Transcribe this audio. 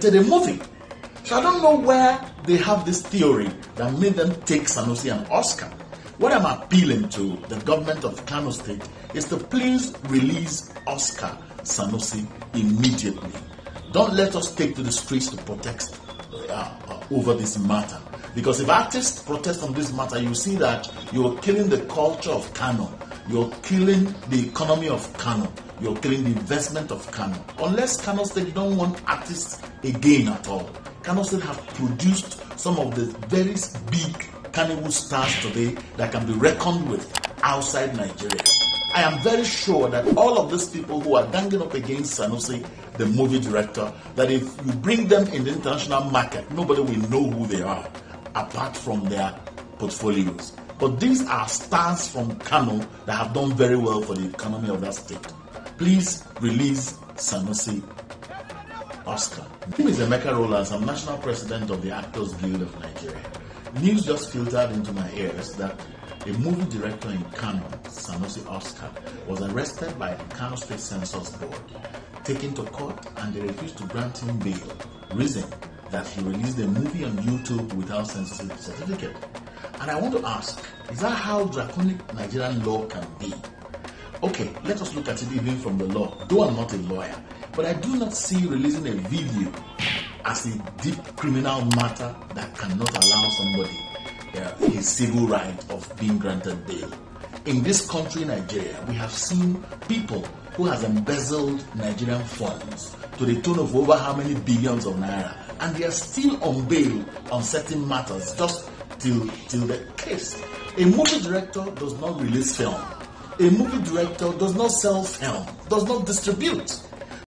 to the movie. So I don't know where they have this theory that made them take Sanusi an Oscar. What I'm appealing to the government of Kano State is to please release Oscar Sanusi immediately. Don't let us take to the streets to protest uh, uh over this matter. Because if artists protest on this matter, you see that you're killing the culture of Kano you're killing the economy of Kano. You're killing the investment of Kano. Unless Kano State don't want artists again at all. Kano State have produced some of the very big carnival stars today that can be reckoned with outside Nigeria. I am very sure that all of these people who are ganging up against Sanusi, the movie director, that if you bring them in the international market, nobody will know who they are apart from their portfolios. But these are stars from Kano that have done very well for the economy of that state. Please release Sanusi Oscar. My name is Emeka Rollins. I'm national president of the Actors Guild of Nigeria. News just filtered into my ears that a movie director in Kano, Sanusi Oscar, was arrested by the Kano State Censors Board, taken to court, and they refused to grant him bail. Reason that he released the movie on YouTube without censorship certificate. And I want to ask, is that how draconic Nigerian law can be? Okay, let us look at it even from the law, though I'm not a lawyer, but I do not see releasing a video as a deep criminal matter that cannot allow somebody uh, his civil right of being granted bail in this country, Nigeria, we have seen people who has embezzled Nigerian funds to the tune of over how many billions of naira, and they are still on bail on certain matters just till till the case. A movie director does not release film. A movie director does not sell film, does not distribute.